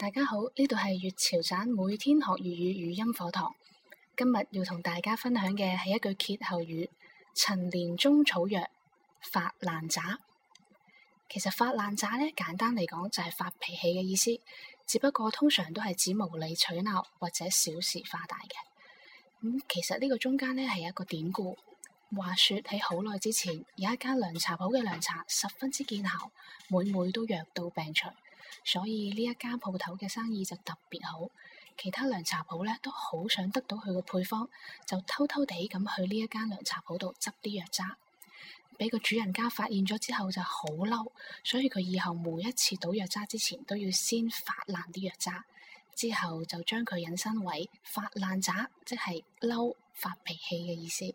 大家好，呢度係粵潮盞每天學粵語語音課堂。今日要同大家分享嘅係一句歇後語：陳年中草藥發爛渣。其實發爛渣呢，簡單嚟講就係發脾氣嘅意思，只不過通常都係指無理取鬧或者小事化大嘅。咁、嗯、其實呢個中間呢，係一個典故。話說喺好耐之前，有一間涼茶鋪嘅涼茶十分之見效，每每，每都藥到病除。所以呢一間鋪頭嘅生意就特別好，其他涼茶鋪咧都好想得到佢嘅配方，就偷偷地咁去呢一間涼茶鋪度執啲藥渣，俾個主人家發現咗之後就好嬲，所以佢以後每一次倒藥渣之前都要先發爛啲藥渣，之後就將佢引申為發爛渣，即係嬲發脾氣嘅意思。